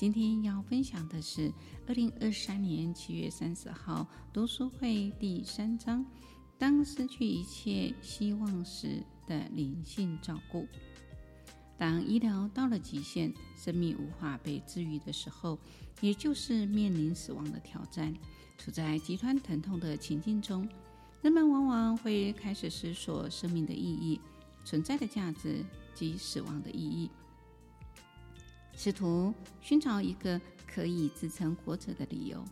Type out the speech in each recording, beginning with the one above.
今天要分享的是二零二三年七月三十號讀書會第三章：當失去一切希望時的靈性照顧。當醫療到了極限，生命無法被治癒的時候，也就是面臨死亡的挑戰。處在極端疼痛的情境中，人們往往會開始思索生命的意義、存在的價值及死亡的意義。試圖尋找一個可以支撐活着的理由。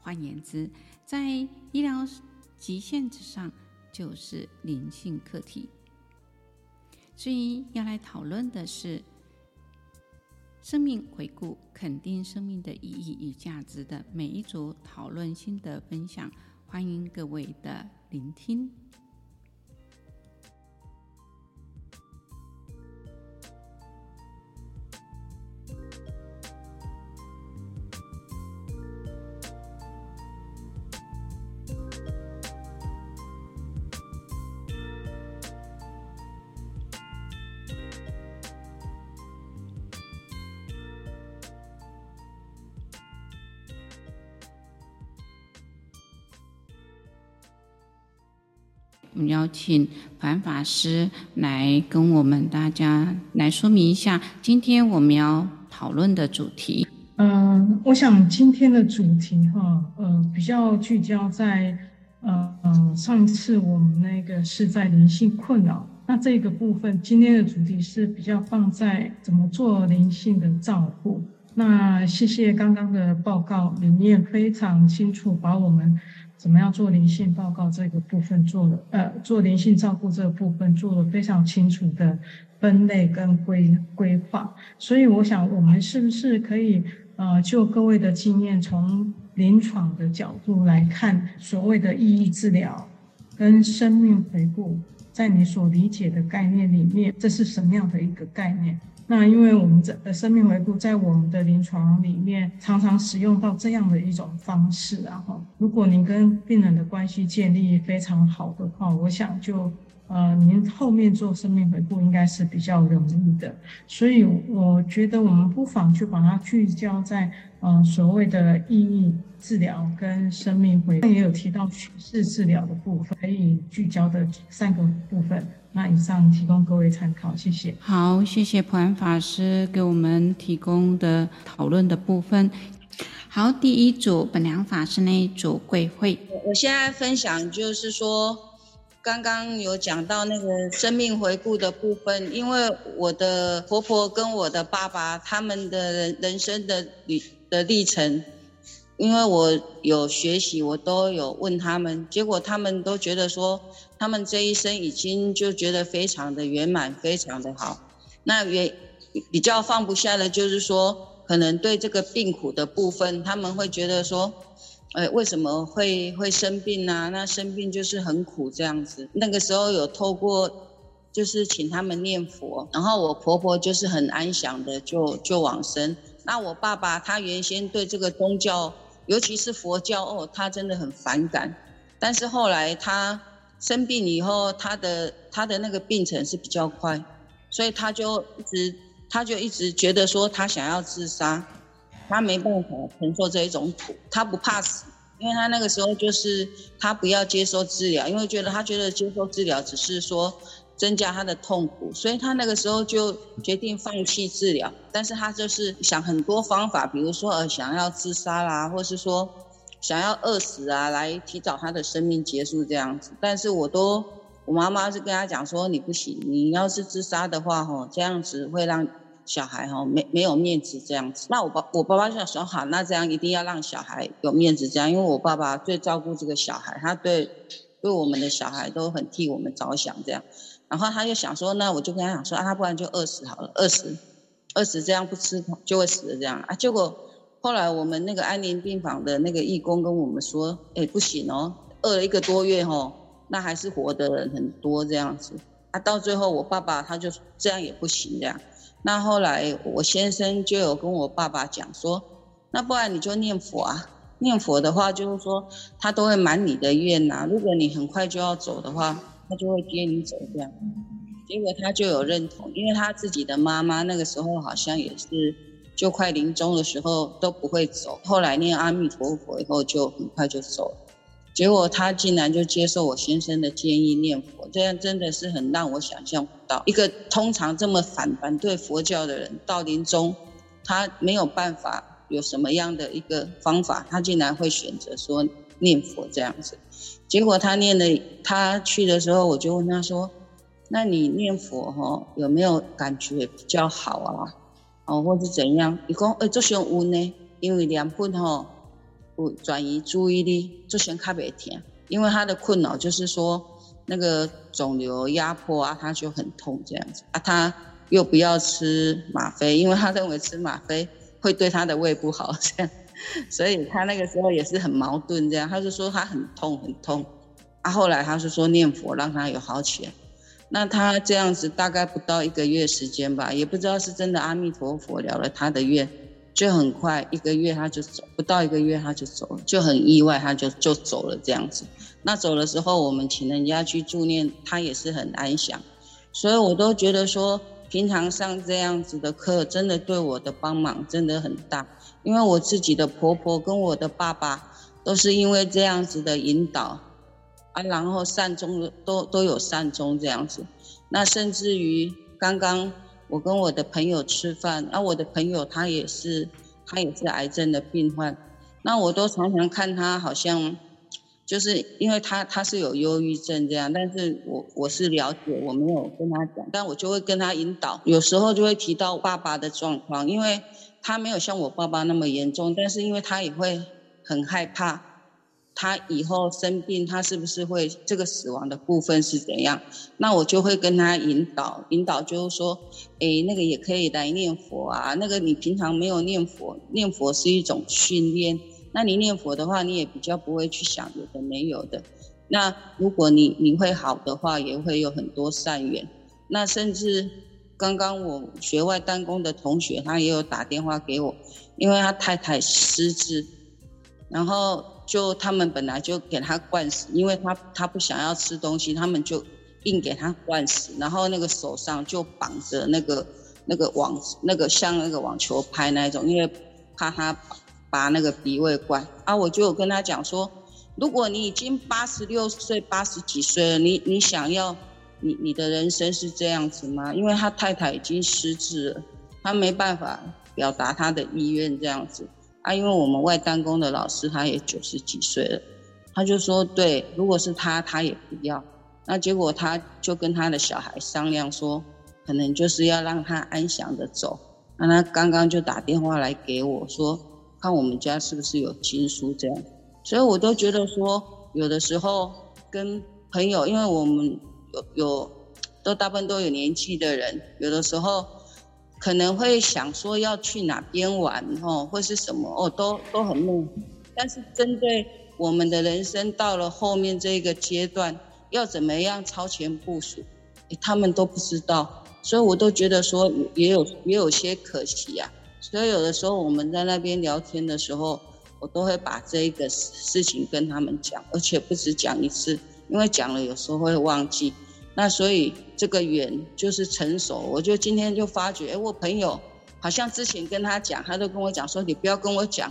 換言之，在醫療極限之上，就是靈性課題。所以要來討論的是生命回顧、肯定生命的意義與價值的每一組討論心得分享，歡迎各位的聆聽。我們邀請反法師來跟我們大家來說明一下今天我們要討論的主題。嗯、呃，我想今天的主題哈，呃，比較聚焦在呃，上次我們那個是在靈性困擾，那這個部分今天的主題是比較放在怎麼做靈性的照顧。那謝謝剛剛的報告，裡面非常清楚，把我們。怎麼樣做靈性報告這個部分做了，呃，做靈性照顧這個部分做了非常清楚的分類跟規規劃，所以我想我們是不是可以，呃，就各位的經驗，從臨床的角度來看，所謂的意義治療跟生命回顧，在你所理解的概念裡面，這是什麼樣的一個概念？那因為我們在生命回顧在我們的臨床裡面常常使用到這樣的一種方式啊，然後如果您跟病人的關係建立非常好的話，我想就呃您後面做生命回顧應該是比較容易的。所以我覺得我們不妨就把它聚焦在呃所謂的意義治療跟生命回顧，那也有提到敘事治療的部分，可以聚焦的三個部分。那以上提供各位參考，謝謝。好，謝謝普安法師給我們提供的討論的部分。好，第一組本良法師那一組，貴會，我現在分享就是說，剛剛有講到那個生命回顧的部分，因為我的婆婆跟我的爸爸他們的人人生的旅的歷程，因為我有學習，我都有問他們，結果他們都覺得說。他們這一生已經就覺得非常的圓滿，非常的好。那也比較放不下的就是說，可能對這個病苦的部分，他們會覺得說，呃、哎，為什麼會會生病啊？那生病就是很苦這樣子。那個時候有透過，就是請他們念佛，然後我婆婆就是很安詳的就就往生。那我爸爸他原先對這個宗教，尤其是佛教哦，他真的很反感。但是後來他。生病以後，他的他的那個病程是比較快，所以他就一直他就一直覺得說他想要自殺，他沒辦法承受這一種苦，他不怕死，因為他那個時候就是他不要接受治療，因為覺得他覺得接受治療只是說增加他的痛苦，所以他那個時候就決定放棄治療，但是他就是想很多方法，比如說呃想要自殺啦，或是說想要餓死啊，來提早他的生命結束這樣子。但是我都，我媽媽是跟他講說，你不行，你要是自殺的話吼，這樣子會讓小孩吼沒沒有面子這樣子。那我爸我爸爸就想說，好，那這樣一定要讓小孩有面子這樣，因為我爸爸最照顧這個小孩，他對對我們的小孩都很替我們着想這樣。然後他就想說，那我就跟他講說啊，他不然就餓死好了，餓死，餓死這樣不吃就會死的這樣啊，結果。後來我們那個安寧病房的那個義工跟我們說：“哎，不行哦，餓了一個多月哦，那還是活的人很多這樣子。啊，到最後我爸爸他就這樣也不行這樣。那後來我先生就有跟我爸爸講說，那不然你就念佛啊，念佛的話就是說他都會滿你的願吶啊，如果你很快就要走的話，他就會接你走這樣。結果他就有認同，因為他自己的媽媽那個時候好像也是。”就快臨終的時候都不會走，後來念阿彌陀佛以後就很快就走了。結果他竟然就接受我先生的建議念佛，這樣真的是很讓我想象不到，一個通常這麼反反對佛教的人，到臨終他沒有辦法有什麼樣的一個方法，他竟然會選擇說念佛這樣子。結果他念了，他去的時候我就問他說：“那你念佛吼，有沒有感覺比較好啊？”哦，或是怎樣？一共，呃、欸，就先問呢，因為兩困吼，轉移注意力，就先咖啡甜，因為他的困擾就是說，那個腫瘤壓迫啊，他就很痛這樣子啊，他又不要吃嗎啡，因為他認為吃嗎啡會對他的胃不好這樣，所以他那個時候也是很矛盾這樣。他就說他很痛很痛，啊，後來他是說念佛讓他有好起來。那他這樣子大概不到一個月時間吧，也不知道是真的阿彌陀佛了了他的願，就很快一個月他就走，不到一個月他就走了，就很意外他就就走了這樣子。那走的時候我們請人家去助念，他也是很安詳，所以我都覺得說平常上這樣子的課，真的對我的幫忙真的很大，因為我自己的婆婆跟我的爸爸都是因為這樣子的引導。然後善終都都有善終這樣子，那甚至於剛剛我跟我的朋友吃飯，那我的朋友他也是，他也是癌症的病患，那我都常常看他好像，就是因為他他是有憂鬱症這樣，但是我我是了解，我沒有跟他講，但我就會跟他引導，有時候就會提到爸爸的狀況，因為他沒有像我爸爸那麼嚴重，但是因為他也會很害怕。他以後生病，他是不是會這個死亡的部分是怎樣？那我就會跟他引導，引導就是說，誒，那個也可以來念佛啊。那個你平常沒有念佛，念佛是一種訓練。那你念佛的話，你也比較不會去想有的沒有的。那如果你你會好的話，也會有很多善緣。那甚至剛剛我學外丹功的同學，他也有打電話給我，因為他太太失智，然後。就他們本來就給他灌死，因為他他不想要吃東西，他們就硬給他灌死，然後那個手上就綁着那個那個網，那個像那個網球拍那一種，因為怕他拔那個鼻胃管。啊，我就有跟他講說，如果你已經八十六歲、八十幾歲了，你你想要你你的人生是這樣子嗎？因為他太太已經失智了，他沒辦法表達他的意願這樣子。啊，因為我們外丹功的老師，他也九十幾歲了，他就說對，如果是他，他也不要。那結果他就跟他的小孩商量說，可能就是要讓他安詳的走。那他剛剛就打電話來給我說，看我們家是不是有經書這樣。所以我都覺得說，有的時候跟朋友，因為我們有有都大部分都有年紀的人，有的時候。可能會想說要去哪邊玩哦，或是什麼哦，都都很夢。但是針對我們的人生到了後面這個階段，要怎麼樣超前部署，他們都不知道，所以我都覺得說也有也有些可惜啊。所以有的時候我們在那邊聊天的時候，我都會把這個事事情跟他們講，而且不止講一次，因為講了有時候會忘記。那所以這個緣就是成熟，我就今天就發覺，哎，我朋友好像之前跟他講，他都跟我講說，你不要跟我講，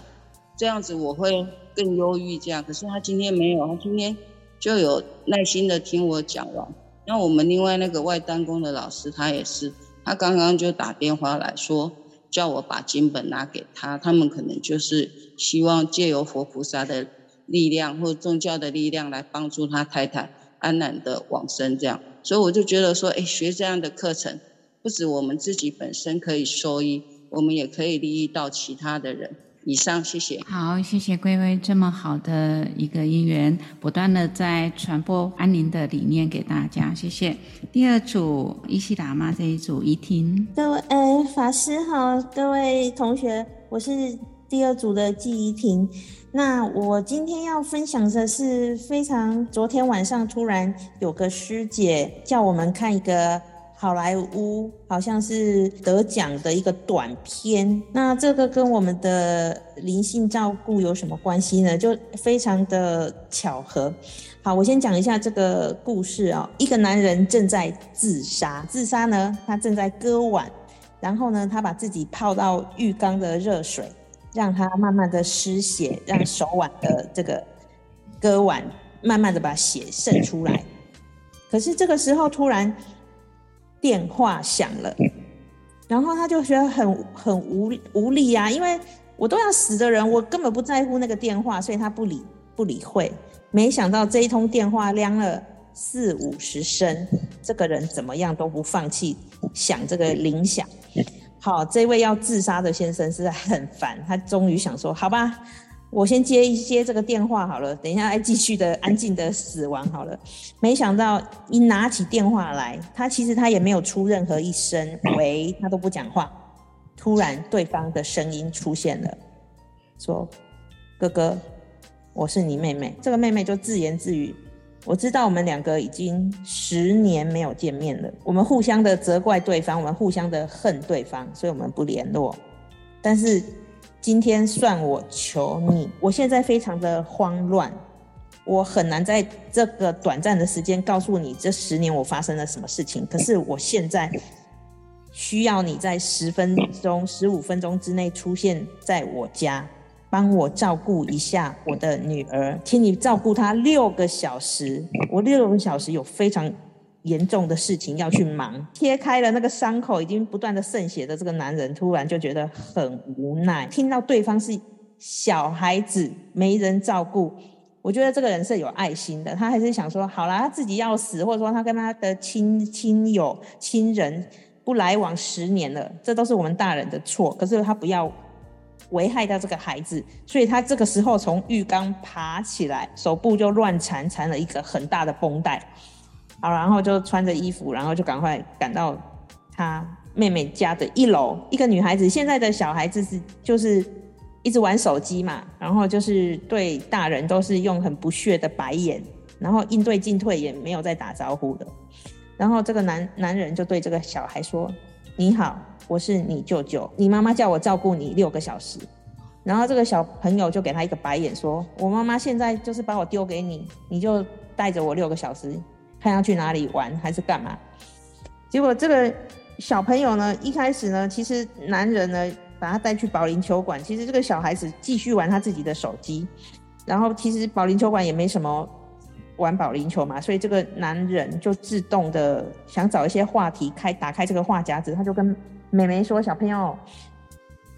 這樣子我會更憂鬱這樣。可是他今天沒有，他今天就有耐心的聽我講了。那我們另外那個外丹功的老師，他也是，他剛剛就打電話來說，叫我把經本拿給他，他們可能就是希望借由佛菩薩的力量或宗教的力量來幫助他太太。安然的往生。這樣，所以我就覺得說，哎，學這樣的課程，不止我們自己本身可以受益，我們也可以利益到其他的人。以上，謝謝。好，謝謝貴微這麼好的一個因緣，不斷的在傳播安寧的理念給大家。謝謝。第二組依稀喇嘛這一組，怡婷。各位，哎，法師好，各位同學，我是。第二組的記憶亭，那我今天要分享的是非常，昨天晚上突然有個師姐叫我們看一個好萊塢，好像是得獎的一個短片。那這個跟我們的靈性照顧有什麼關係呢？就非常的巧合。好，我先講一下這個故事啊、哦。一個男人正在自殺，自殺呢，他正在割腕，然後呢，他把自己泡到浴缸的熱水。讓他慢慢的失血，讓手腕的這個割腕，慢慢的把血滲出來。可是這個時候突然電話響了，然後他就覺得很很無無力啊，因為我都要死的人，我根本不在乎那個電話，所以他不理不理會。沒想到這一通電話，響了四五十聲，這個人怎麼樣都不放棄，響這個鈴響。好，這位要自殺的先生是很煩，他終於想說，好吧，我先接一接這個電話好了，等一下再繼續的安靜的死亡好了。沒想到一拿起電話來，他其實他也沒有出任何一聲，喂，他都不講話。突然，對方的聲音出現了，說：“哥哥，我是你妹妹。”這個妹妹就自言自語。我知道我們兩個已經十年沒有見面了，我們互相的責怪對方，我們互相的恨對方，所以我們不聯絡。但是今天算我求你，我現在非常的慌亂，我很難在這個短暫的時間告訴你這十年我發生了什麼事情。可是我現在需要你在十分鐘、十五分鐘之內出現在我家。幫我照顧一下我的女兒，請你照顧她六個小時。我六個小時有非常嚴重的事情要去忙。貼開了那個傷口，已經不斷的滲血的這個男人，突然就覺得很無奈。聽到對方是小孩子，沒人照顧，我覺得這個人是有愛心的。他還是想說，好啦，他自己要死，或者說他跟他的親親友親人不來往十年了，這都是我們大人的錯。可是他不要，危害到這個孩子，所以他這個時候從浴缸爬起來，手部就亂纏纏了一個很大的繃帶，好，然後就穿着衣服，然後就趕快趕到他妹妹家的一樓。一個女孩子，現在的小孩子是就是一直玩手機嘛，然後就是對大人都是用很不屑的白眼，然後應對進退也沒有再打招呼的。然後這個男男人就對這個小孩說：“你好。”我是你舅舅，你媽媽叫我照顧你六個小時，然後這個小朋友就給他一個白眼說，說我媽媽現在就是把我丟給你，你就帶着我六個小時，看要去哪裡玩還是幹嘛。結果這個小朋友呢，一開始呢，其實男人呢把他帶去保齡球館，其實這個小孩子繼續玩他自己的手機，然後其實保齡球館也沒什麼玩保齡球嘛，所以這個男人就自動的想找一些話題開打開這個話匣子，他就跟。妹妹說：“小朋友，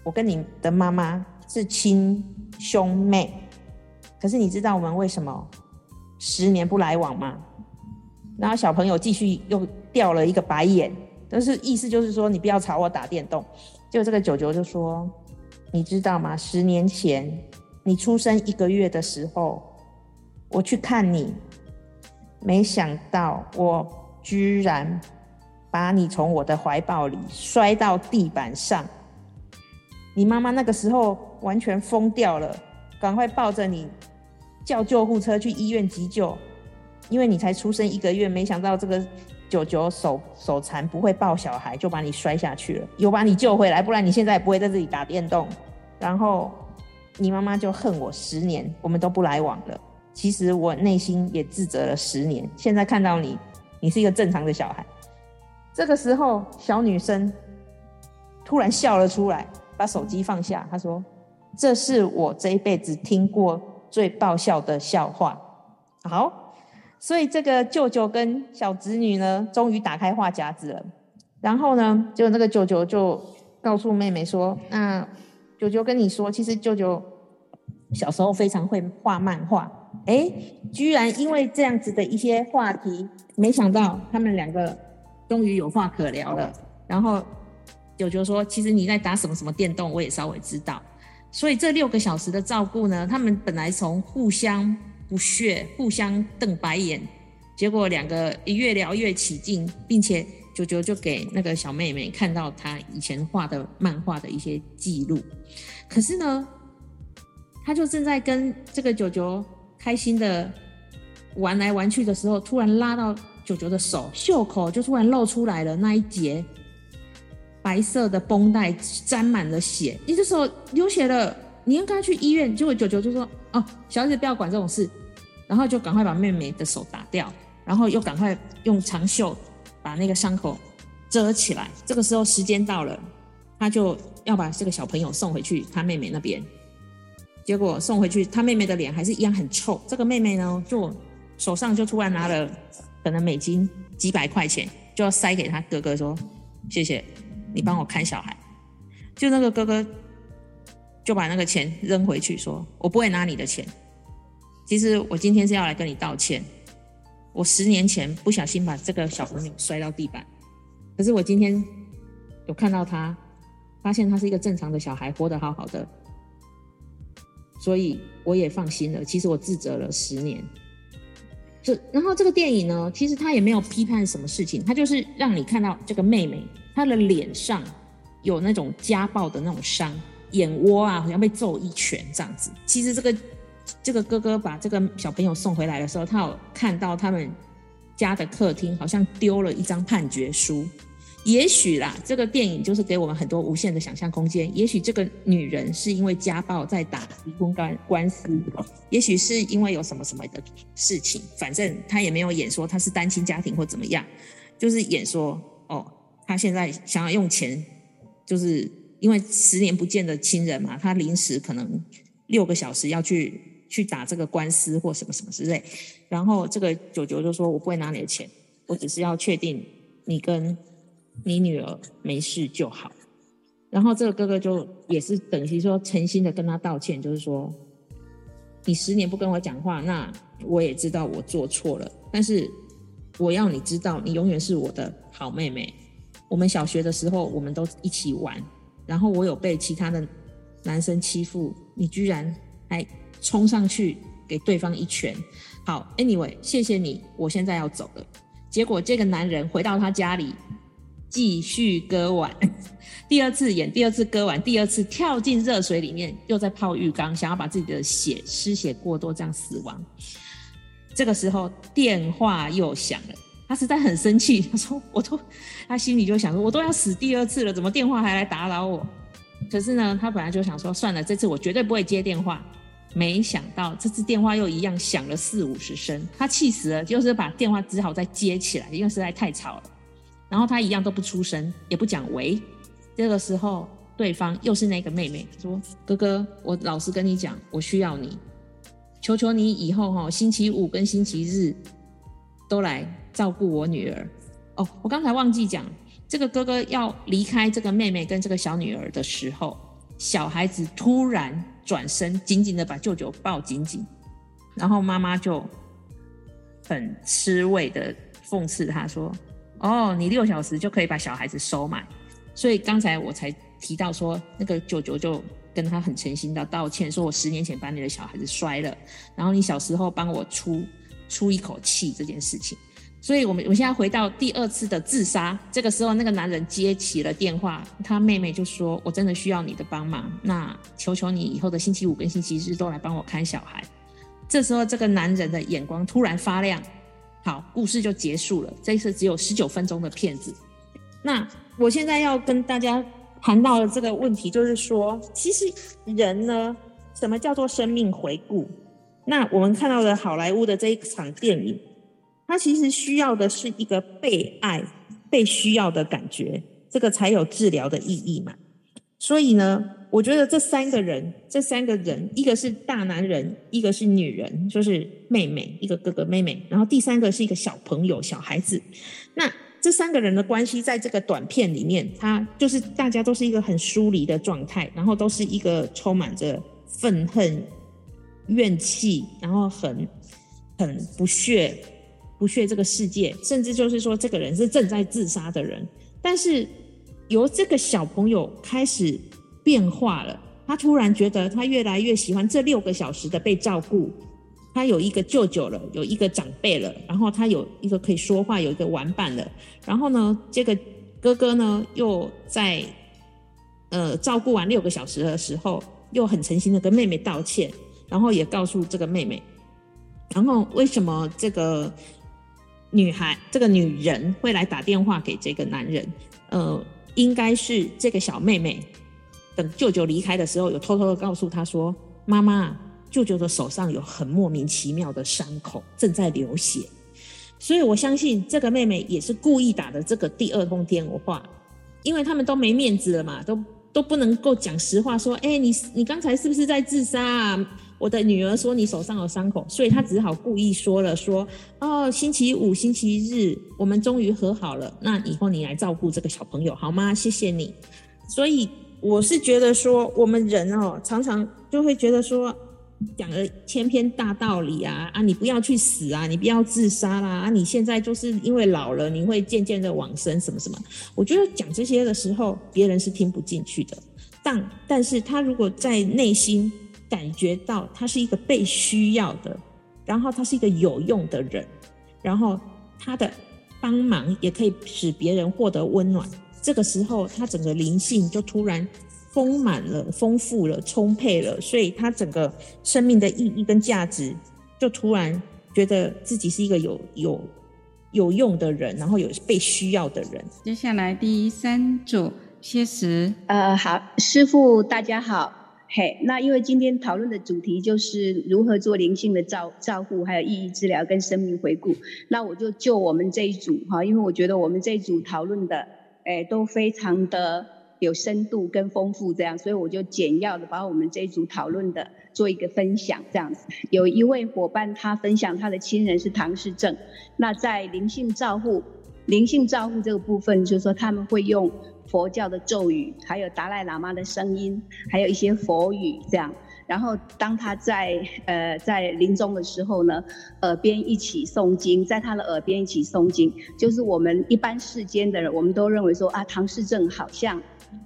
我跟你的媽媽是親兄妹，可是你知道我們為什麼十年不來往嗎？”然後小朋友繼續又掉了一個白眼，但是意思就是說你不要朝我打電動。就這個舅舅就說：“你知道嗎？十年前你出生一個月的時候，我去看你，沒想到我居然……”把你從我的懷抱裡摔到地板上，你媽媽那個時候完全瘋掉了，趕快抱着你，叫救護車去醫院急救，因為你才出生一個月，沒想到這個舅舅手手殘，不會抱小孩，就把你摔下去了，又把你救回來，不然你現在也不會在這裡打電動。然後你媽媽就恨我十年，我們都不來往了。其實我內心也自責了十年，現在看到你，你是一個正常的小孩。這個時候，小女生突然笑了出來，把手機放下。她說：“這是我這一輩子聽過最爆笑的笑話。”好，所以這個舅舅跟小侄女呢，終於打開話匣子了。然後呢，就那個舅舅就告訴妹妹說：“那舅舅跟你說，其實舅舅小時候非常會畫漫畫。哎，居然因為這樣子的一些話題，沒想到他們兩個。”終於有話可聊了，然後九九說：“其實你在打什麼什麼電動，我也稍微知道。”所以這六個小時的照顧呢，他們本來從互相不屑、互相瞪白眼，結果兩個越聊越起勁，並且九九就給那個小妹妹看到她以前畫的漫畫的一些記錄。可是呢，她就正在跟這個九九開心的玩來玩去的時候，突然拉到。九九的手，袖口就突然露出來了，那一截白色的繃帶沾滿了血。你這手流血了，你應該去醫院。結果九九就說：“哦、啊，小姐不要管這種事。”然後就趕快把妹妹的手打掉，然後又趕快用長袖把那個傷口遮起來。這個時候時間到了，他就要把這個小朋友送回去他妹妹那邊。結果送回去，他妹妹的臉還是一樣很臭。這個妹妹呢，就手上就突然拿了。可能美金幾百塊錢就要塞給他哥哥說：“謝謝，你幫我看小孩。”就那個哥哥就把那個錢扔回去說：“我不會拿你的錢。”其實我今天是要來跟你道歉。我十年前不小心把這個小朋友摔到地板，可是我今天有看到他，發現他是一個正常的小孩，活得好好的，所以我也放心了。其實我自責了十年。然後這個電影呢，其實他也沒有批判什麼事情，他就是讓你看到這個妹妹她的臉上有那種家暴的那種傷，眼窩啊，好像被揍一拳這樣子。其實這個這個哥哥把這個小朋友送回來的時候，他有看到他們家的客廳好像丟了一張判決書。也許啦，這個電影就是給我們很多無限的想象空間。也許這個女人是因為家暴在打離婚官官司，也許是因為有什麼什麼的事情，反正她也沒有演說她是單親家庭或怎麼樣，就是演說哦，她現在想要用錢，就是因為十年不見的親人嘛，她臨時可能六個小時要去去打這個官司或什麼什麼之類，然後這個舅舅就說：“我不會拿你的錢，我只是要確定你跟。”你女兒沒事就好，然後這個哥哥就也是等於說誠心的跟他道歉，就是說，你十年不跟我講話，那我也知道我做錯了，但是我要你知道，你永遠是我的好妹妹。我們小學的時候，我們都一起玩，然後我有被其他的男生欺負，你居然還衝上去給對方一拳。好，Anyway，謝謝你，我現在要走了。結果這個男人回到他家裡。繼續割腕，第二次演，第二次割腕，第二次跳進熱水裡面，又在泡浴缸，想要把自己的血失血過多這樣死亡。這個時候電話又響了，他實在很生氣，他說：“我都，他心裡就想說，我都要死第二次了，怎麼電話還來打擾我？”可是呢，他本來就想說，算了，這次我絕對不會接電話。沒想到這次電話又一樣響了四五十聲，他氣死了，就是把電話只好再接起來，因為實在太吵了。然後他一樣都不出聲，也不講喂。這個時候，對方又是那個妹妹說：“哥哥，我老實跟你講，我需要你，求求你以後哈，星期五跟星期日都來照顧我女兒。”哦，我剛才忘記講，這個哥哥要離開這個妹妹跟這個小女兒的時候，小孩子突然轉身，緊緊的把舅舅抱緊緊，然後媽媽就很吃味的諷刺他說。哦，你六小時就可以把小孩子收買，所以剛才我才提到說，那個舅舅就跟他很誠心的道，道歉，說我十年前把你的小孩子摔了，然後你小時候幫我出出一口氣這件事情。所以，我們我現在回到第二次的自殺，這個時候那個男人接起了電話，他妹妹就說：“我真的需要你的幫忙，那求求你以後的星期五跟星期日都來幫我看小孩。”這時候，這個男人的眼光突然發亮。好，故事就結束了。這一次只有十九分鐘的片子。那我現在要跟大家談到的這個問題，就是說，其實人呢，什麼叫做生命回顧？那我們看到的好萊塢的這一場電影，它其實需要的是一個被愛、被需要的感覺，這個才有治療的意義嘛。所以呢。我覺得這三個人，這三個人，一個是大男人，一個是女人，就是妹妹，一個哥哥妹妹，然後第三個是一個小朋友，小孩子。那這三個人的關係，在這個短片裡面，他就是大家都是一個很疏離的狀態，然後都是一個充滿着憤恨、怨氣，然後很、很不屑、不屑這個世界，甚至就是說這個人是正在自殺的人。但是由這個小朋友開始。變化了，他突然覺得他越來越喜歡這六個小時的被照顧。他有一個舅舅了，有一個長輩了，然後他有一個可以說話、有一個玩伴了。然後呢，這個哥哥呢又在呃照顧完六個小時的時候，又很誠心的跟妹妹道歉，然後也告訴這個妹妹。然後為什麼這個女孩、這個女人會來打電話給這個男人？呃，應該是這個小妹妹。等舅舅離開的時候，有偷偷的告訴他說：“媽媽，舅舅的手上有很莫名其妙的傷口，正在流血。”所以，我相信這個妹妹也是故意打的這個第二通電話，因為他們都沒面子了嘛，都都不能夠講實話，說：“哎、欸，你你剛才是不是在自殺、啊？”我的女兒說：“你手上有傷口。”所以她只好故意說了說：“說哦，星期五、星期日，我們終於和好了。那以後你來照顧這個小朋友好嗎？謝謝你。”所以。我是覺得說，我們人哦，常常就會覺得說，講了千篇大道理啊啊，你不要去死啊，你不要自殺啦，啊，你現在就是因為老了，你會漸漸的往生什麼什麼。我覺得講這些的時候，別人是聽不進去的。但但是他如果在內心感覺到他是一個被需要的，然後他是一個有用的人，然後他的幫忙也可以使別人獲得溫暖。這個時候，他整個靈性就突然豐滿了、豐富了、充沛了，所以他整個生命的意義跟價值就突然覺得自己是一個有有有用的人，然後有被需要的人。接下來第三組，謝時，呃，好，師父，大家好，嘿，那因為今天討論的主題就是如何做靈性的照照顧，還有意義治療跟生命回顧，那我就就我們這一組哈，因為我覺得我們這一組討論的。誒，都非常的有深度跟豐富，這樣，所以我就簡要的把我們這一組討論的做一個分享，這樣子。有一位夥伴，他分享他的親人是唐氏症，那在靈性照護，靈性照護這個部分，就是說他們會用佛教的咒語，還有達賴喇嘛的聲音，還有一些佛語，這樣。然後，當他在呃在臨終的時候呢，耳邊一起誦經，在他的耳邊一起誦經。就是我們一般世間的人，我們都認為說啊，唐氏症好像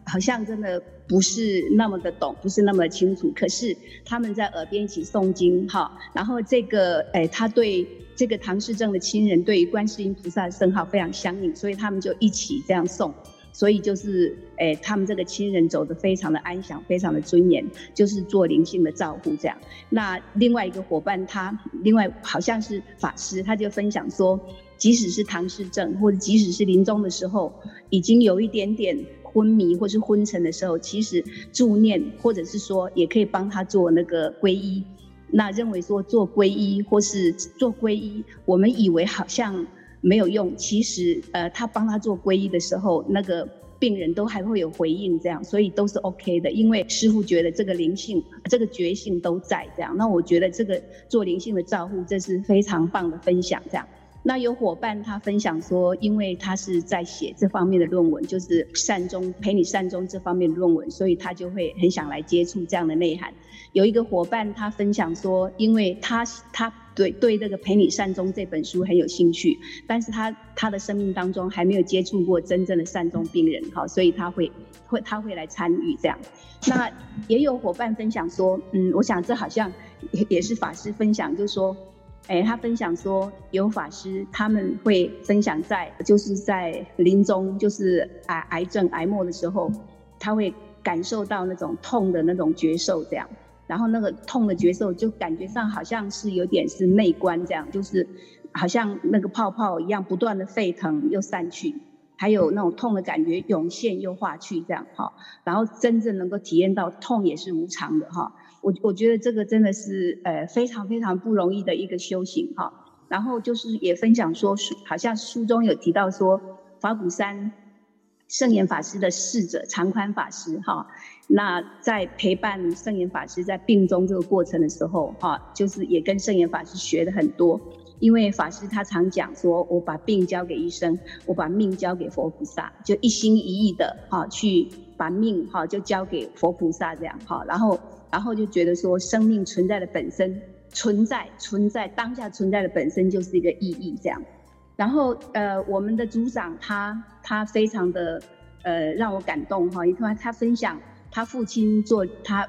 好像真的不是那麼的懂，不是那麼的清楚。可是他們在耳邊一起誦經，哈。然後這個誒、哎，他對這個唐氏症的親人，對於觀世音菩薩的聖號非常相應，所以他們就一起這樣誦。所以就是。哎、欸，他們這個親人走得非常的安詳，非常的尊嚴，就是做靈性的照顧這樣。那另外一個伙伴他，他另外好像是法師，他就分享說，即使是唐氏症，或者即使是臨終的時候，已經有一點點昏迷或是昏沉的時候，其實助念或者是說也可以幫他做那個皈依。那認為說做皈依或是做皈依，我們以為好像沒有用，其實呃，他幫他做皈依的時候，那個。病人都還會有回應，這樣，所以都是 OK 的，因為師父覺得這個靈性、這個覺性都在這樣。那我覺得這個做靈性的照顧，這是非常棒的分享，這樣。那有夥伴他分享說，因為他是在寫這方面的論文，就是善終陪你善終這方面的論文，所以他就會很想來接觸這樣的內涵。有一個夥伴他分享說，因為他他對對這個陪你善終這本書很有興趣，但是他他的生命當中還沒有接觸過真正的善終病人，哈，所以他會會他會來參與這樣。那也有夥伴分享說，嗯，我想這好像也是法師分享，就是說。哎、欸，他分享說，有法師他們會分享在，就是在臨終，就是癌症癌症癌末的時候，他會感受到那種痛的那種覺受，這樣，然後那個痛的覺受就感覺上好像是有點是內觀這樣，就是好像那個泡泡一樣不斷的沸騰又散去，還有那種痛的感覺湧現又化去這樣哈，然後真正能夠體驗到痛也是無常的哈。我我覺得這個真的是，呃，非常非常不容易的一個修行哈、哦。然後就是也分享說，書好像書中有提到說，法鼓山聖嚴法師的侍者常寬法師哈、哦，那在陪伴聖嚴法師在病中這個過程的時候哈、哦，就是也跟聖嚴法師學的很多，因為法師他常講說，我把病交給醫生，我把命交給佛菩薩，就一心一意的哈、哦、去把命哈、哦、就交給佛菩薩這樣哈、哦，然後。然後就覺得說，生命存在的本身，存在、存在當下、存在的本身就是一個意義這樣。然後呃，我們的組長他他非常的呃讓我感動哈，你看他他分享他父親做他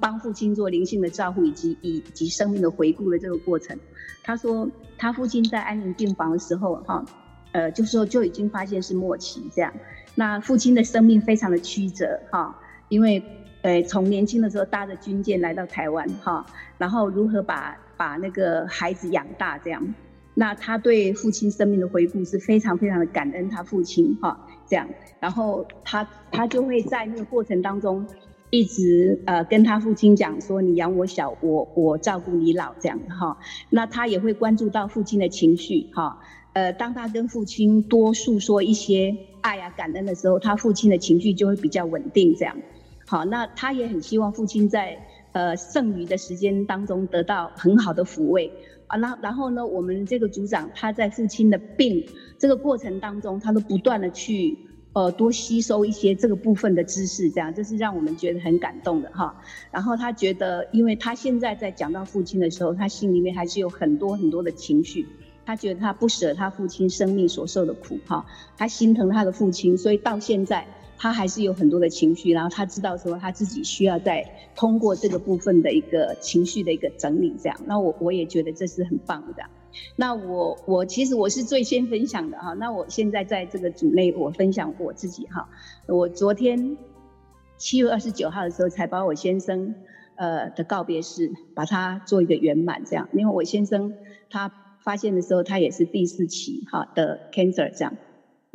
幫父親做靈性的照顧以及以及生命的回顧的這個過程。他說他父親在安寧病房的時候哈，呃，就是說就已經發現是末期這樣。那父親的生命非常的曲折哈，因為。對從年輕的時候搭着軍艦來到台灣，哈、啊，然後如何把把那個孩子養大這樣，那他對父親生命的回顧是非常非常的感恩，他父親哈、啊、這樣，然後他他就會在那個過程當中一直呃跟他父親講說，你養我小，我我照顧你老這樣的哈、啊，那他也會關注到父親的情緒哈、啊，呃，當他跟父親多訴說一些愛啊感恩的時候，他父親的情緒就會比較穩定這樣。好，那他也很希望父親在呃剩餘的時間當中得到很好的撫慰啊。那然後呢，我們這個組長他在父親的病這個過程當中，他都不斷的去呃多吸收一些這個部分的知識，這樣，這是讓我們覺得很感動的哈。然後他覺得，因為他現在在講到父親的時候，他心裡面還是有很多很多的情緒。他覺得他不捨他父親生命所受的苦哈，他心疼他的父親，所以到現在。他還是有很多的情緒，然後他知道說他自己需要再通過這個部分的一個情緒的一個整理，這樣。那我我也覺得這是很棒的。那我我其實我是最先分享的哈。那我現在在這個組內我分享我自己哈。我昨天七月二十九號的時候才把我先生呃的告別式把它做一個圓滿這樣，因為我先生他發現的時候他也是第四期哈的 cancer 這樣。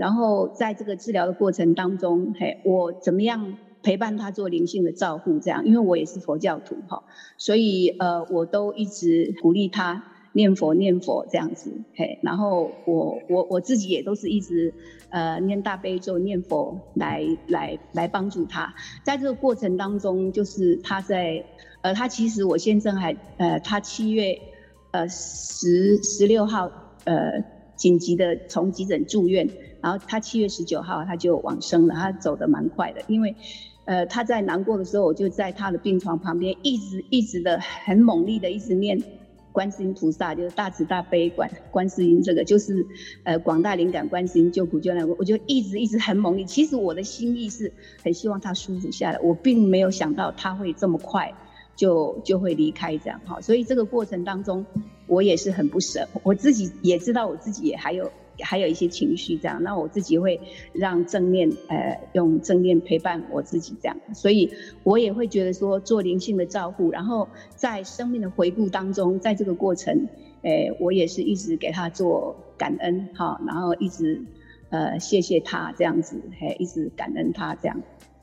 然後在這個治療的過程當中，嘿，我怎麼樣陪伴他做靈性的照顧？這樣，因為我也是佛教徒，哦，所以呃，我都一直鼓勵他念佛念佛這樣子。嘿，然後我我我自己也都是一直呃念大悲咒念佛來來來幫助他。在這個過程當中，就是他在呃，他其實我先生還呃，他七月呃十十六號呃。10, 緊急的從急診住院，然後他七月十九號他就往生了，他走得蠻快的。因為，呃，他在難過的時候，我就在他的病床旁邊，一直一直的很猛烈的一直念觀世音菩薩，就是大慈大悲觀觀世音，這個就是呃廣大靈感觀世音救苦救難，我就一直一直很猛烈。其實我的心意是很希望他舒服下來，我並沒有想到他會這麼快。就就會離開這樣哈，所以這個過程當中，我也是很不捨，我自己也知道我自己也還有還有一些情緒這樣，那我自己會讓正念呃用正念陪伴我自己這樣，所以我也會覺得說做靈性的照顧，然後在生命的回顧當中，在這個過程，誒、呃、我也是一直給他做感恩哈，然後一直呃謝謝他這樣子，嘿、欸，一直感恩他這樣，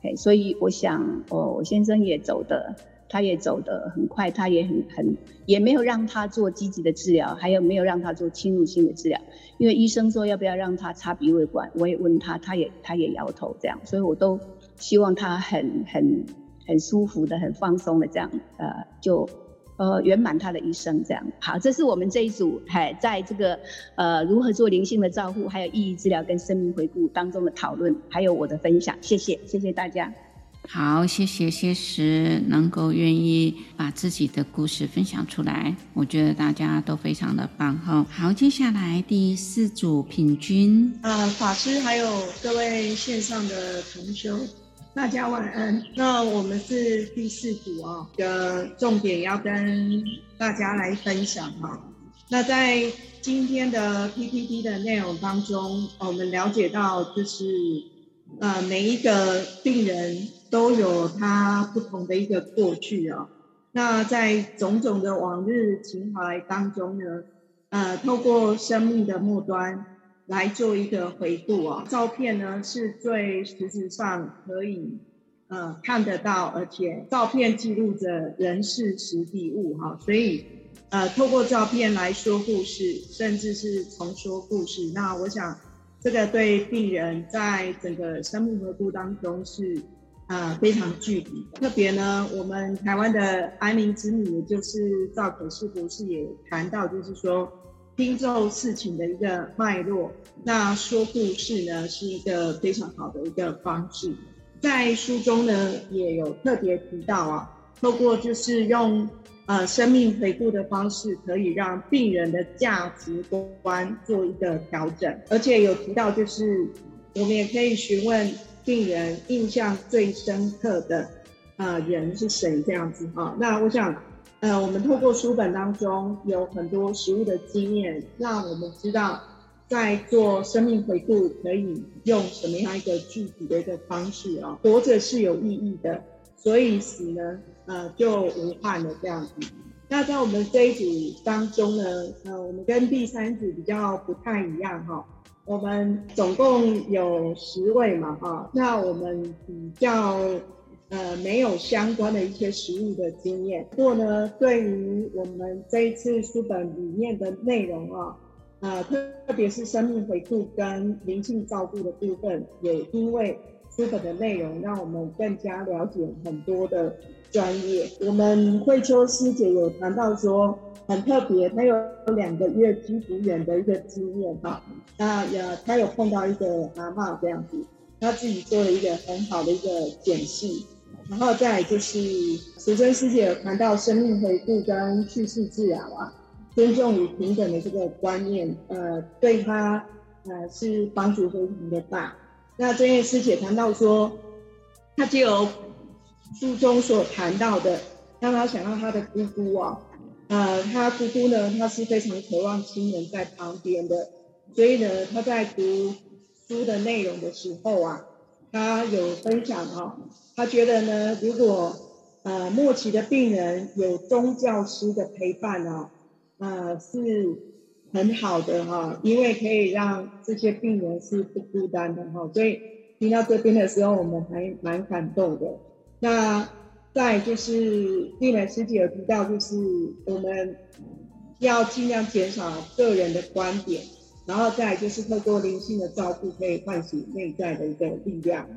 嘿、欸，所以我想哦，我先生也走的。他也走得很快，他也很很，也沒有讓他做積極的治療，還有沒有讓他做侵入性的治療，因為醫生說要不要讓他插鼻胃管，我也問他，他也他也搖頭這樣，所以我都希望他很很很舒服的、很放鬆的這樣，呃，就呃圓滿他的一生這樣。好，這是我們這一組還在這個呃如何做靈性的照顧，還有意義治療跟生命回顧當中的討論，還有我的分享，謝謝，謝謝大家。好，謝謝謝石能夠願意把自己的故事分享出來，我覺得大家都非常的棒哈。好，接下來第四組品君，啊、呃，法師還有各位線上的同修，大家晚安。那我們是第四組哦，的重點要跟大家來分享哈。那在今天的 PPT 的內容當中，我們了解到就是。呃，每一個病人都有他不同的一個過去哦。那在種種的往日情懷當中呢，呃，透過生命的末端來做一個回顧哦。照片呢是最實質上可以呃看得到，而且照片記錄着人事時地物哈、哦。所以呃，透過照片來說故事，甚至是重說故事。那我想。這個對病人在整個生命回顧，當中是啊、呃、非常具體的。特別呢，我們台灣的安寧之母，也就是趙可式博士也談到，就是說聽著事情的一個脈絡，那說故事呢是一個非常好的一個方式。在書中呢也有特別提到啊。透過就是用呃生命回顧的方式，可以讓病人的價值觀做一個調整，而且有提到就是我們也可以詢問病人印象最深刻的呃人是誰這樣子啊、哦。那我想呃我們透過書本當中有很多實物的經驗，讓我們知道在做生命回顧可以用什麼樣一個具體的一個方式啊、哦。活着是有意義的，所以死呢？呃，就無憾了這樣子。那在我們這一組當中呢，呃，我們跟第三組比較不太一樣哈、哦。我們總共有十位嘛，啊、哦，那我們比較呃沒有相關的一些實務的經驗，不過呢，對於我們這一次書本裡面的內容啊、哦，呃，特別是生命回顧跟靈性照顧的部分，也因為書本的內容，讓我們更加了解很多的。專業，我們慧秋師姐有談到說很特別，她有兩個月居徒遠的一個經驗哈，那呃她有碰到一個阿嬤這樣子，她自己做了一個很好的一個解釋。然後再就是隨真師姐談到生命回顧跟去世治療啊，尊重與平等的這個觀念，呃對她呃是幫助非常的大，那真葉師姐談到說她就有。書中所談到的，讓他想到他的姑姑啊，呃，他姑姑呢，她是非常渴望親人在旁邊的，所以呢，他在讀書的內容的時候啊，他有分享哦，他覺得呢，如果呃末期的病人有宗教師的陪伴哦，呃，是很好的哈，因為可以讓這些病人是不孤單的哈，所以聽到這邊的時候，我們還蠻感動的。那再就是麗美師姐有提到，就是我們要儘量減少個人的觀點，然後再就是透過靈性的照顧，可以喚醒內在的一個力量。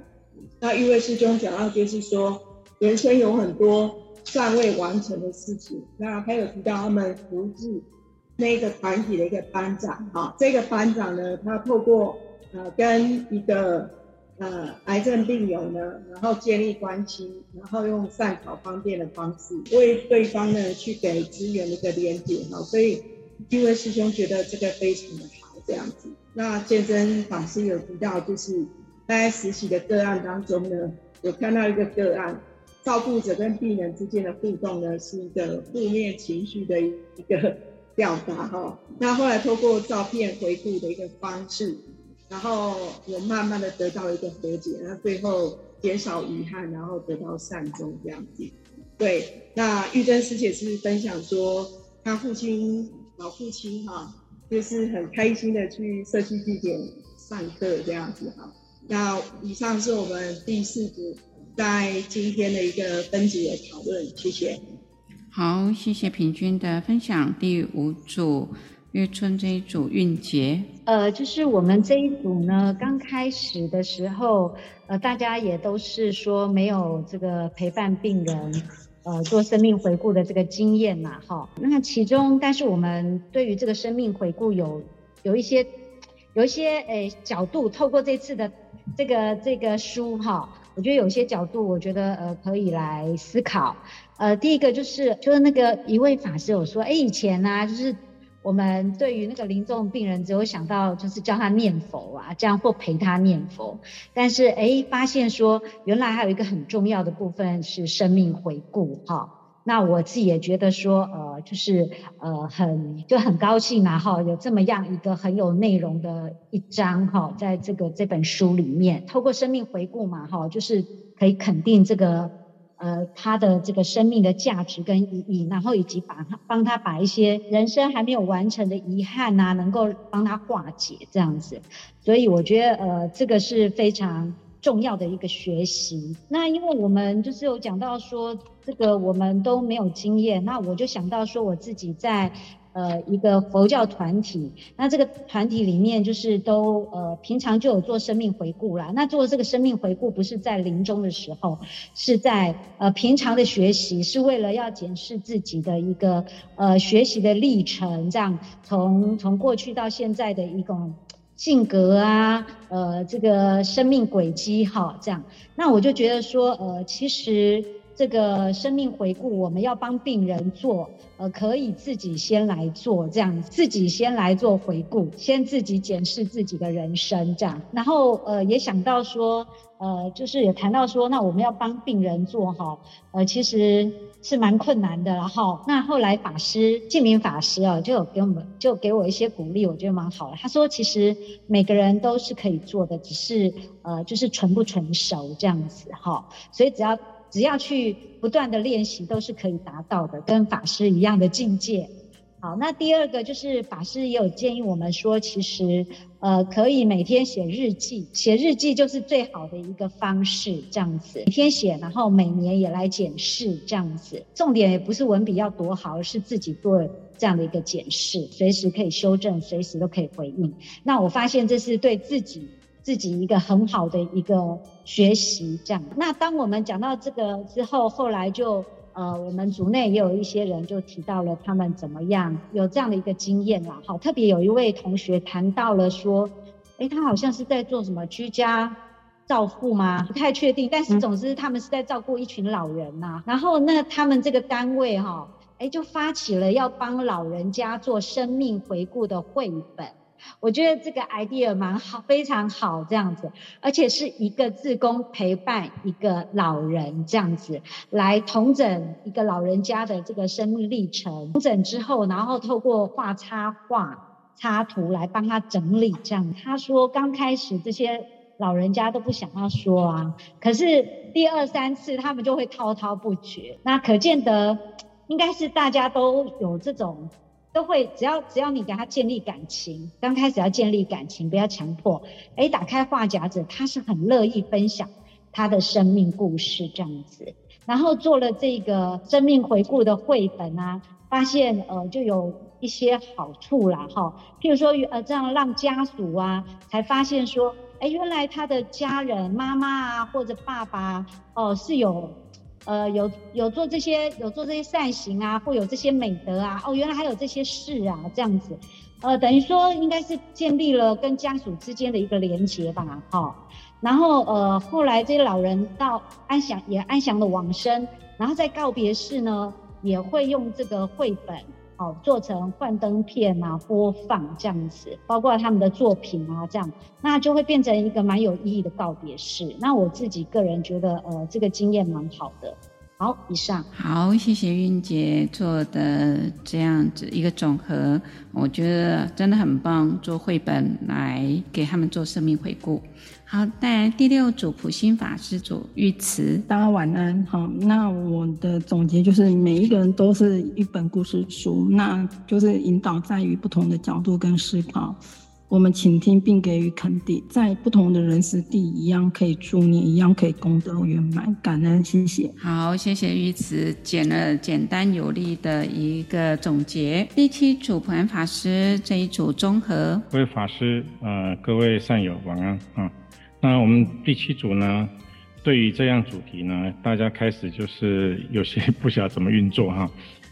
那一位師兄講到，就是說人生有很多尚未完成的事情。那還有提到他們福智那個團體的一個班長哈，這個班長呢，他透過啊、呃、跟一個。呃，癌症病友呢，然後建立關係，然後用善巧方便的方式為對方呢去給資源的一個連接哈。所以，因為師兄覺得這個非常的好，這樣子。那建真法師有提到，就是大家實習的個案當中呢，有看到一個個案，照顧者跟病人之間的互動呢是一個負面情緒的一個表達哈。那後來通過照片回顧的一個方式。然後，也慢慢的得到一個和解，然後最後減少遺憾，然後得到善終這樣子。對，那玉珍師姐是分享說，他父親，老父親哈、啊，就是很開心的去社區地點上課這樣子哈。那以上是我們第四組在今天的一個分組的討論，謝謝。好，謝謝平均的分享。第五組。月春這一組，韻節。呃，就是我們這一組呢，剛開始的時候，呃，大家也都是說沒有這個陪伴病人，呃，做生命回顧的這個經驗嘛，哈。那其中，但是我們對於這個生命回顧有有一些，有一些誒、欸、角度，透過這次的這個這個書，哈，我覺得有些角度，我覺得呃可以來思考。呃，第一個就是就是那個一位法師有說，哎、欸，以前呢、啊，就是。我們對於那個臨終病人，只有想到就是教他念佛啊，這樣或陪他念佛。但是，誒發現說原來還有一個很重要的部分是生命回顧，哈。那我自己也覺得說，呃，就是呃很就很高興嘛、啊。哈，有這麼樣一個很有內容的一章，哈，在這個這本書裡面，透過生命回顧嘛，哈，就是可以肯定這個。呃，他的這個生命的價值跟意義，然後以及把他幫他把一些人生還沒有完成的遺憾啊，能夠幫他化解這樣子，所以我覺得呃，這個是非常重要的一個學習。那因為我們就是有講到說，這個我們都沒有經驗，那我就想到說我自己在。呃，一個佛教團體，那這個團體裡面就是都呃，平常就有做生命回顧啦。那做這個生命回顧不是在臨終的時候，是在呃平常的學習，是為了要檢視自己的一個呃學習的歷程，這樣從從過去到現在的一種性格啊，呃，這個生命軌跡哈，這樣。那我就覺得說，呃，其實。這個生命回顧，我們要幫病人做，呃，可以自己先來做這樣，自己先來做回顧，先自己檢視自己的人生這樣。然後，呃，也想到說，呃，就是也談到說，那我們要幫病人做哈、哦，呃，其實是蠻困難的。然、哦、後，那後來法師淨明法師啊、哦，就有給我們，就給我一些鼓勵，我覺得蠻好的。他說，其實每個人都是可以做的，只是呃，就是純不純熟這樣子哈、哦。所以只要。只要去不斷的練習，都是可以達到的，跟法師一樣的境界。好，那第二個就是法師也有建議我們說，其實呃可以每天寫日記，寫日記就是最好的一個方式，這樣子每天寫，然後每年也來檢視，這樣子。重點也不是文筆要多好，而是自己做這樣的一個檢視，隨時可以修正，隨時都可以回應。那我發現這是對自己自己一個很好的一個學習這樣，那當我們講到這個之後，後來就呃，我們組內也有一些人就提到了他們怎麼樣有這樣的一個經驗啦。好，特別有一位同學談到了說，欸，他好像是在做什麼居家照顧嗎？不太確定，但是總之他們是在照顧一群老人嘛。然後那他們這個單位哈，欸，就發起了要幫老人家做生命回顧的繪本。我覺得這個 idea 蠻好，非常好，這樣子，而且是一個志工陪伴一個老人這樣子，來統整一個老人家的這個生命歷程，統整之後，然後透過畫插畫、插圖來幫他整理這樣。他說剛開始這些老人家都不想要說啊，可是第二三次他們就會滔滔不絕，那可見得應該是大家都有這種。都會，只要只要你給他建立感情，剛開始要建立感情，不要強迫。誒打開話匣子，他是很樂意分享他的生命故事這樣子。然後做了這個生命回顧的繪本啊，發現呃就有一些好處啦哈。譬如說呃這樣讓家屬啊才發現說，誒原來他的家人媽媽啊或者爸爸哦，呃，是有。呃，有有做這些，有做這些善行啊，或有這些美德啊，哦，原來還有這些事啊，這樣子，呃，等於說應該是建立了跟家屬之間的一個連結吧，好、哦，然後呃，後來這些老人到安詳也安詳的往生，然後在告別式呢，也會用這個繪本。好，做成幻燈片啊，播放這樣子，包括他們的作品啊，這樣，那就會變成一個蠻有意義的告別式。那我自己個人覺得，呃，這個經驗蠻好的。好，以上。好，謝謝韻杰做的這樣子一個總和，我覺得真的很棒，做繪本來給他們做生命回顧。好，帶來第六組普心法師組玉慈，大家晚安。好，那我的總結就是，每一個人都是一本故事書，那就是引導在於不同的角度跟思考，我們傾聽並給予肯定，在不同的人、時、地一樣可以祝你，一樣可以功德圓滿。感恩，謝謝。好，謝謝玉慈，簡了簡單有力的一個總結。第七組普安法師這一組綜合，各位法師，呃，各位善友，晚安啊。嗯那我們第七組呢，對於這樣主題呢，大家開始就是有些不曉得怎麼運作哈，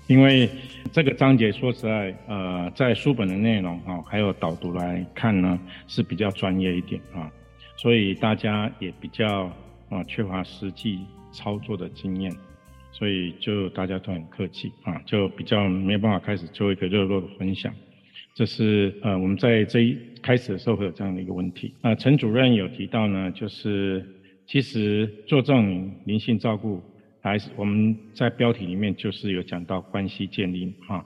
因為這個章節說實在，呃，在書本的內容哈、哦，還有導讀來看呢，是比較專業一點啊，所以大家也比較啊缺乏實際操作的經驗，所以就大家都很客氣啊，就比較沒辦法開始做一個熱絡的分享，這是呃我們在這一。開始的時候會有這樣的一個問題，那陳主任有提到呢，就是其實做這種靈性照顧，還是我們在標題裡面就是有講到關係建立哈，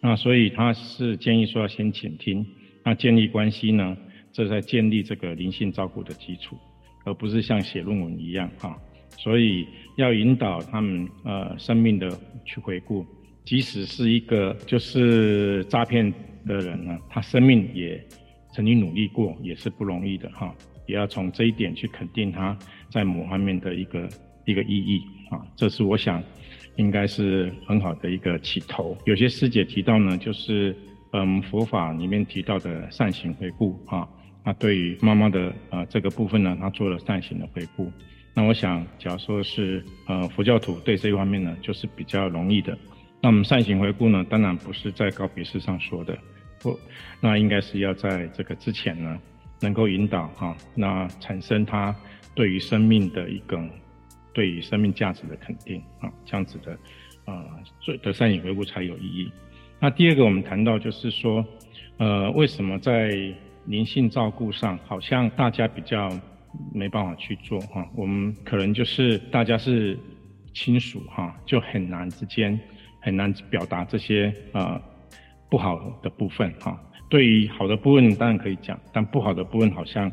那所以他是建議說要先傾聽，那建立關係呢，這在建立這個靈性照顧的基礎，而不是像寫論文一樣哈，所以要引導他們呃生命的去回顧，即使是一個就是詐騙的人呢，他生命也。曾經努力過也是不容易的哈，也要從這一點去肯定他在某方面的一個一個意義啊，這是我想應該是很好的一個起頭。有些師姐提到呢，就是嗯佛法裡面提到的善行回顧啊，那對於媽媽的啊、呃、這個部分呢，她做了善行的回顧。那我想，假如說是呃佛教徒對這一方面呢，就是比較容易的。那我們善行回顧呢，當然不是在告別式上說的。那應該是要在這個之前呢，能夠引導哈、啊，那產生他對於生命的一種，對於生命價值的肯定啊，這樣子的啊，最、呃、的善意回顧才有意義。那第二個我們談到就是說，呃，為什麼在靈性照顧上好像大家比較沒辦法去做哈、啊？我們可能就是大家是親屬哈、啊，就很難之間很難表達這些呃。啊不好的部分哈，對於好的部分當然可以講，但不好的部分好像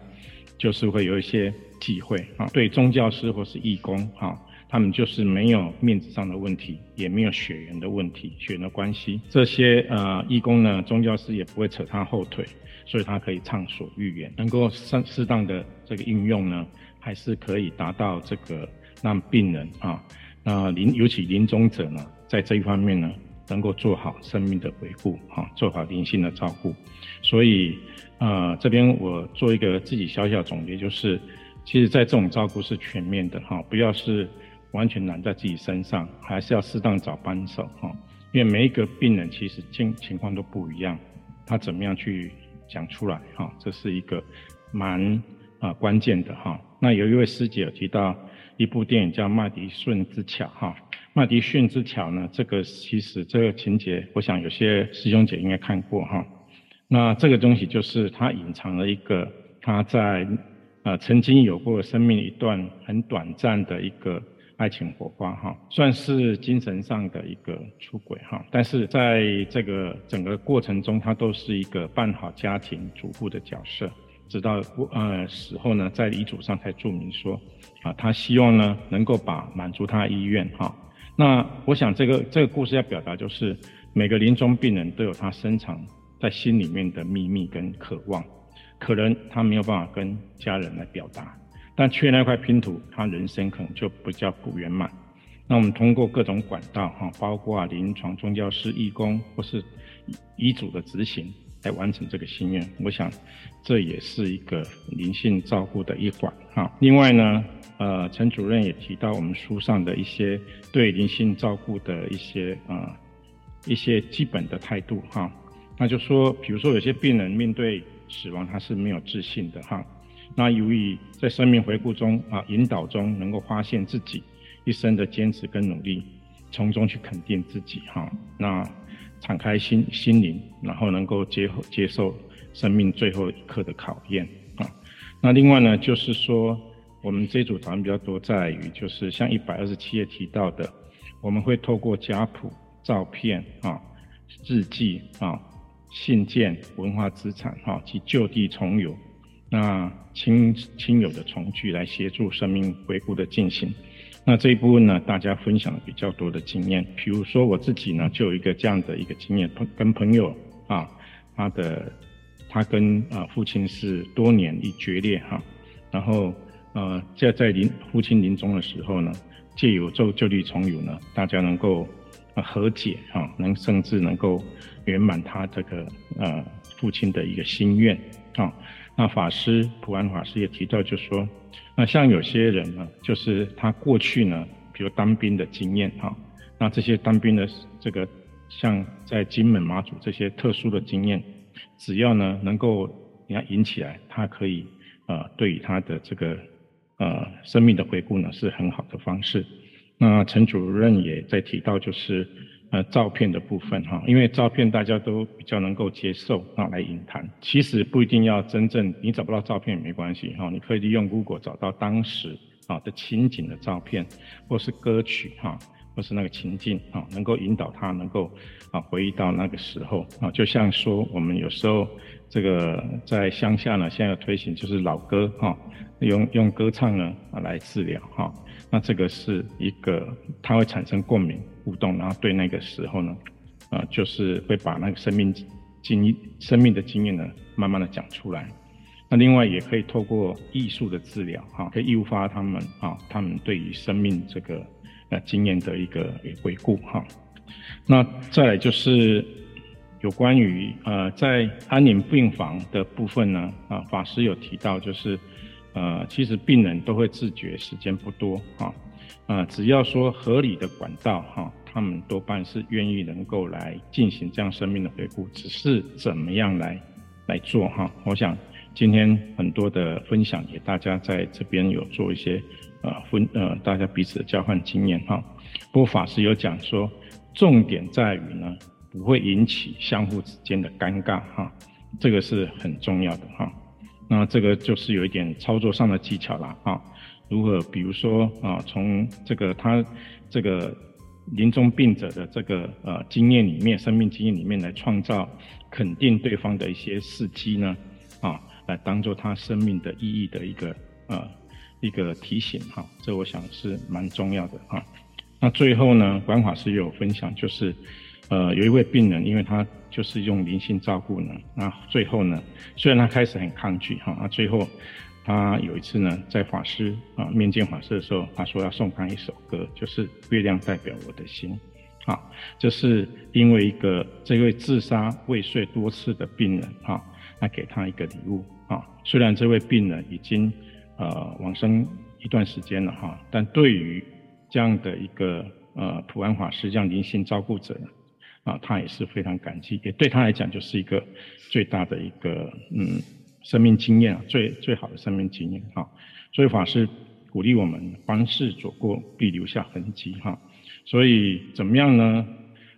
就是會有一些忌諱哈，對宗教師或是義工哈，他們就是沒有面子上的問題，也沒有血緣的問題、血緣的關係。這些呃義工呢，宗教師也不會扯他後腿，所以他可以暢所欲言，能夠適適當的這個應用呢，還是可以達到這個讓病人啊，那臨尤其臨終者呢，在這一方面呢。能夠做好生命的維護哈，做好靈性的照顧，所以，呃，這邊我做一個自己小小總結，就是，其實在這種照顧是全面的，哈，不要是完全攬在自己身上，還是要適當找幫手，哈，因為每一個病人其實情情況都不一樣，他怎麼樣去講出來，哈，這是一個蠻啊關鍵的，哈。那有一位師姐有提到一部電影叫《麥迪遜之橋》。哈。麥迪遜之橋呢？這個其實這個情節，我想有些師兄姐應該看過哈。那這個東西就是他隱藏了一個，他在啊曾經有過的生命一段很短暫的一個愛情火花哈，算是精神上的一個出軌哈。但是在這個整個過程中，他都是一個辦好家庭主婦的角色，直到呃死後呢，在遺囑上才注明說啊，他希望呢能夠把滿足他的意願哈。那我想這個這個故事要表達，就是每個臨終病人都有他深藏在心裡面的秘密跟渴望，可能他沒有辦法跟家人來表達，但缺那塊拼圖，他人生可能就比較不圓滿。那我們通過各種管道，哈，包括臨床宗教師、義工或是遺囑的執行，來完成這個心願。我想這也是一個靈性照顧的一環。哈，另外呢。呃，陳主任也提到我們書上的一些對靈性照顧的一些呃一些基本的態度哈。那就說，比如說有些病人面對死亡，他是沒有自信的哈。那由於在生命回顧中啊，引導中能夠發現自己一生的堅持跟努力，從中去肯定自己哈。那敞開心心靈，然後能夠接受接受生命最後一刻的考驗啊。那另外呢，就是說。我們這組談比較多，在於就是像一百二十七頁提到的，我們會透過家譜、照片、啊日記、啊信件、文化資產、哈，及舊地重遊，那親親友的重聚，來協助生命回顧的進行。那這一部分呢，大家分享了比較多的經驗。比如說我自己呢，就有一個這樣的一個經驗，朋跟朋友啊，他的他跟啊父親是多年已決裂哈，然後。呃，在在臨父親臨終的時候呢，借由舊舊地重遊呢，大家能夠和解啊、哦，能甚至能夠圓滿他這個呃父親的一個心願啊、哦。那法師普安法師也提到就，就說那像有些人呢，就是他過去呢，比如當兵的經驗啊、哦，那這些當兵的這個像在金門馬祖這些特殊的經驗，只要呢能夠你看引起來，他可以啊、呃，對於他的這個。呃，生命的回顧呢，是很好的方式。那陳主任也在提到，就是呃照片的部分哈、啊，因為照片大家都比較能夠接受，啊來引談。其實不一定要真正，你找不到照片也沒關係哈、啊，你可以利用 Google 找到當時啊的情景的照片，或是歌曲哈、啊，或是那個情境啊，能夠引導他能夠啊回憶到那個時候啊，就像說我們有時候。這個在鄉下呢，現在有推行就是老歌哈、哦，用用歌唱呢、啊、來治療哈、哦。那這個是一個，它會產生共鳴互動，然後對那個時候呢，啊、呃，就是會把那個生命經生命的經驗呢，慢慢的講出來。那另外也可以透過藝術的治療哈、哦，可以誘發他們啊、哦，他們對於生命這個呃、啊、經驗的一個回顧哈、哦。那再來就是。有關於呃，在安寧病房的部分呢，啊，法師有提到，就是，呃，其實病人都會自覺時間不多，哈，啊，只要說合理的管道，哈，他們多半是願意能夠來進行這樣生命的回顧，只是怎麼樣來來做，哈，我想今天很多的分享給大家在這邊有做一些，呃，分呃，大家彼此的交換經驗，哈，不過法師有講說，重點在於呢。不會引起相互之間的尷尬哈、啊，這個是很重要的哈、啊。那這個就是有一點操作上的技巧啦啊。如果比如說啊，從這個他這個臨終病者的這個呃經驗裡面，生命經驗裡面來創造肯定對方的一些事蹟呢？啊，來當做他生命的意義的一個呃一個提醒哈、啊。這我想是蠻重要的啊。那最後呢，關法師有分享就是。呃，有一位病人，因為他就是用靈性照顧呢，那最後呢，雖然他開始很抗拒哈，那、啊、最後，他有一次呢，在法師啊、呃、面見法師的時候，他說要送他一首歌，就是《月亮代表我的心》啊，這、就是因為一個這位自殺未遂多次的病人啊，那給他一個禮物啊，雖然這位病人已經呃往生一段時間了哈、啊，但對於這樣的一個呃普安法師這樣靈性照顧者呢。啊，他也是非常感激，也對他來講就是一個最大的一個嗯生命經驗啊，最最好的生命經驗哈、啊，所以法師鼓勵我們，凡事走過必留下痕跡哈、啊。所以怎麼樣呢？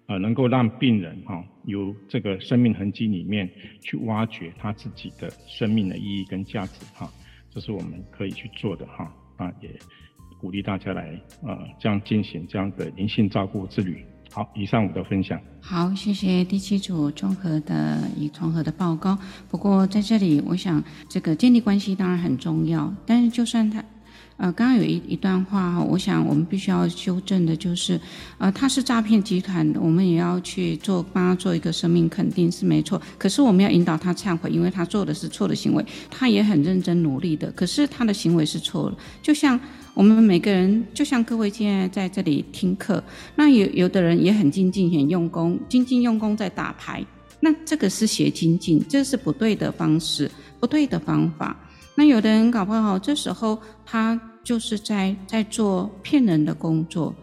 啊、呃，能夠讓病人哈、啊，由這個生命痕跡裡面去挖掘他自己的生命的意義跟價值哈、啊，這是我們可以去做的哈。啊，也鼓勵大家來啊、呃，這樣進行這樣的靈性照顧之旅。好，以上我的分享。好，謝謝第七組綜合的以綜合的報告。不過在這裡，我想這個建立關係當然很重要，但是就算他。呃，剛剛有一一段話哈，我想我們必須要修正的，就是，呃，他是詐騙集團的，我們也要去做幫他做一個生命肯定，是沒錯。可是我們要引導他懺悔，因為他做的是錯的行為，他也很認真努力的，可是他的行為是錯了。就像我們每個人，就像各位現在在這裡聽課，那有有的人也很精進、很用功，精進用功在打牌，那這個是邪精進，這是不對的方式，不對的方法。那有的人搞不好，這時候他就是在在做騙人的工作。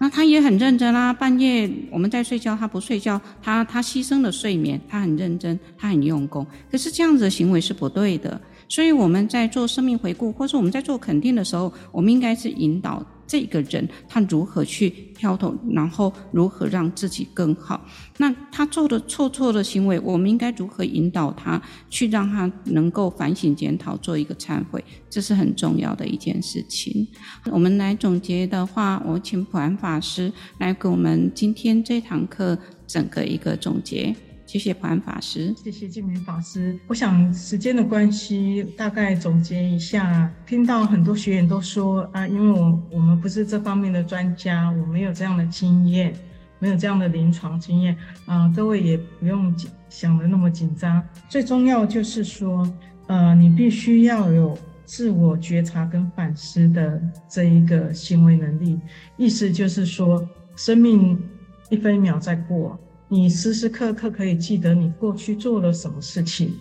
那他也很認真啦，半夜我們在睡覺，他不睡覺，他他犧牲了睡眠，他很認真，他很用功。可是這樣子的行為是不對的，所以我們在做生命回顧，或是我們在做肯定的時候，我們應該是引導。這個人他如何去調整，然後如何讓自己更好？那他做的錯錯的行為，我們應該如何引導他，去讓他能夠反省檢討，做一個懺悔，這是很重要的一件事情。我們來總結的話，我請普安法師來給我們今天這堂課整個一個總結。謝謝潘法師，謝謝靜明法師。我想時間的關係，大概總結一下。聽到很多學員都說啊，因為我我們不是這方面的專家，我沒有這樣的經驗，沒有這樣的臨床經驗啊、呃。各位也不用緊想的那麼緊張。最重要就是說，呃，你必須要有自我覺察跟反思的這一個行為能力。意思就是說，生命一分一秒在過。你時時刻刻可以記得你過去做了什麼事情，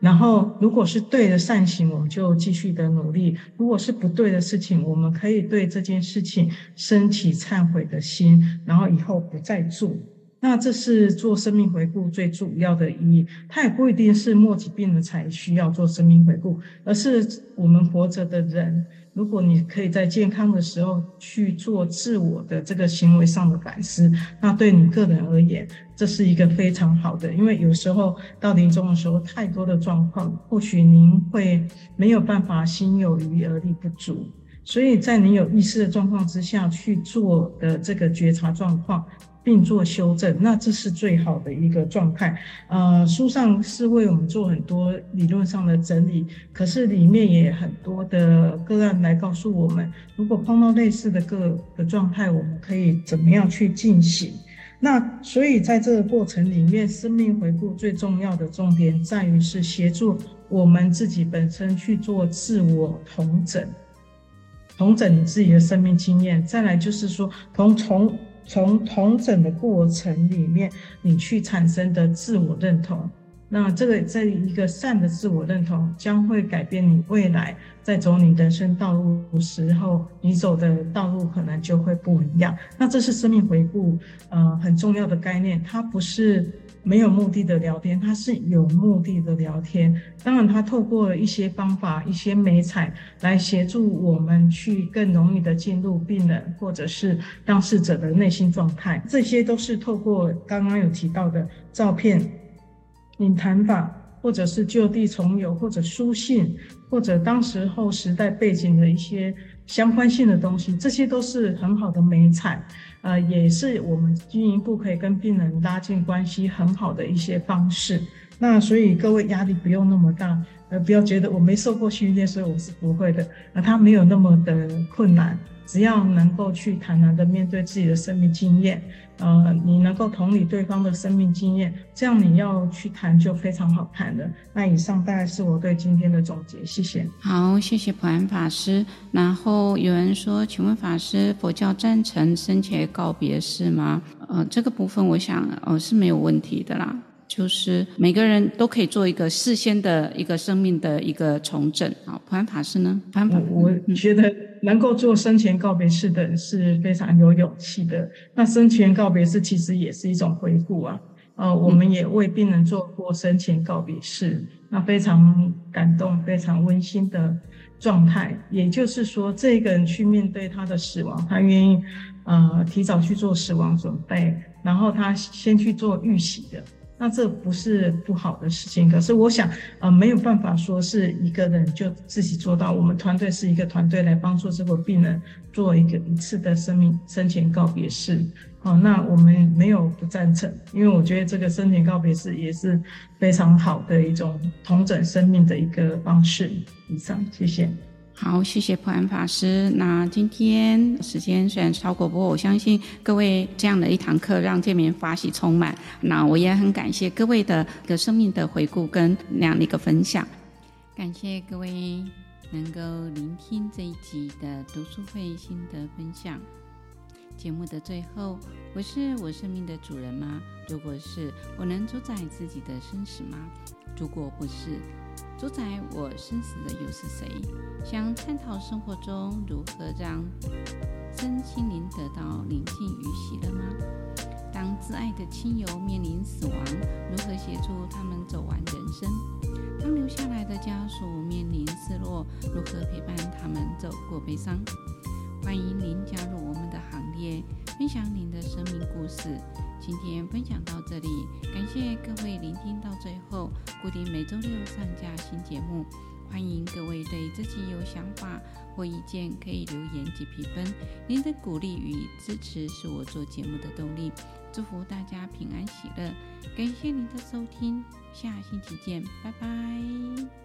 然後如果是對的善行，我們就繼續的努力；如果是不對的事情，我們可以對這件事情升起懺悔的心，然後以後不再做。那這是做生命回顧最主要的意義。它也不一定是末期病人才需要做生命回顧，而是我們活着的人。如果你可以在健康的時候去做自我的這個行為上的反思，那對你個人而言，這是一個非常好的。因為有時候到臨終的時候，太多的狀況，或許您會沒有辦法心有餘而力不足，所以在你有意識的狀況之下去做的這個覺察狀況。並做修正，那這是最好的一個狀態。呃，書上是為我們做很多理論上的整理，可是裡面也很多的個案來告訴我們，如果碰到類似的各個狀態，我們可以怎麼樣去進行。那所以在這個過程裡面，生命回顧最重要的重點在於是協助我們自己本身去做自我統整，統整你自己的生命經驗。再來就是說，同從。從從同整的過程裡面，你去產生的自我認同，那這個這一個善的自我認同，將會改變你未來在走你的人生道路的時候，你走的道路可能就會不一樣。那這是生命回顧，呃，很重要的概念，它不是。沒有目的的聊天，它是有目的的聊天。當然，它透過一些方法，一些媒材來協助我們去更容易的進入病人或者是當事者的內心狀態。這些都是透過剛剛有提到的照片、引談法，或者是就地重遊，或者書信，或者當時候時代背景的一些相關性的東西，這些都是很好的媒材。呃，也是我們經營部可以跟病人拉近關係很好的一些方式。那所以各位壓力不用那麼大，呃，不要覺得我沒受過訓練，所以我是不會的。呃，它沒有那麼的困難。只要能夠去坦然的面對自己的生命經驗，呃，你能夠同理對方的生命經驗，這樣你要去談就非常好談的。那以上大概是我對今天的總結，謝謝。好，謝謝普安法師。然後有人說，請問法師，佛教贊成生前告別式嗎？呃，這個部分我想，呃，是沒有問題的啦。就是每個人都可以做一個事先的一個生命的一個重整啊。好，普安法師呢？普安法師，我你覺得能夠做生前告別式的人是非常有勇氣的，那生前告別式其實也是一種回顧啊。呃，我們也為病人做過生前告別式，那非常感動、非常溫馨的狀態。也就是說，這個人去面對他的死亡，他願意呃提早去做死亡準備，然後他先去做預習的。那這不是不好的事情，可是我想，呃，沒有辦法說是一個人就自己做到，我們團隊是一個團隊來幫助這個病人做一個一次的生命生前告別式，哦，那我們沒有不贊成，因為我覺得這個生前告別式也是非常好的一種重整生命的一個方式。以上，謝謝。好，謝謝普安法師。那今天時間雖然超過，不過我相信各位這樣的一堂課，讓這面法喜充滿。那我也很感謝各位的一個生命的回顧跟這樣的一個分享。感謝各位能夠聆聽這一集的讀書會心得分享。節目的最後，我是我生命的主人嗎？如果是，我能主宰自己的生死嗎？如果不是，主宰我生死的又是誰？想探討生活中如何讓身心靈得到寧靜與喜樂嗎？當摯愛的親友面臨死亡，如何協助他們走完人生？當留下來的家屬面臨失落，如何陪伴他們走過悲傷？歡迎您加入我們。也分享您的生命故事，今天分享到這裡，感謝各位聆聽到最後。固定每周六上架新節目，歡迎各位對自己有想法或意見可以留言及評分。您的鼓勵與支持是我做節目的動力。祝福大家平安喜樂，感謝您的收聽，下星期見，拜拜。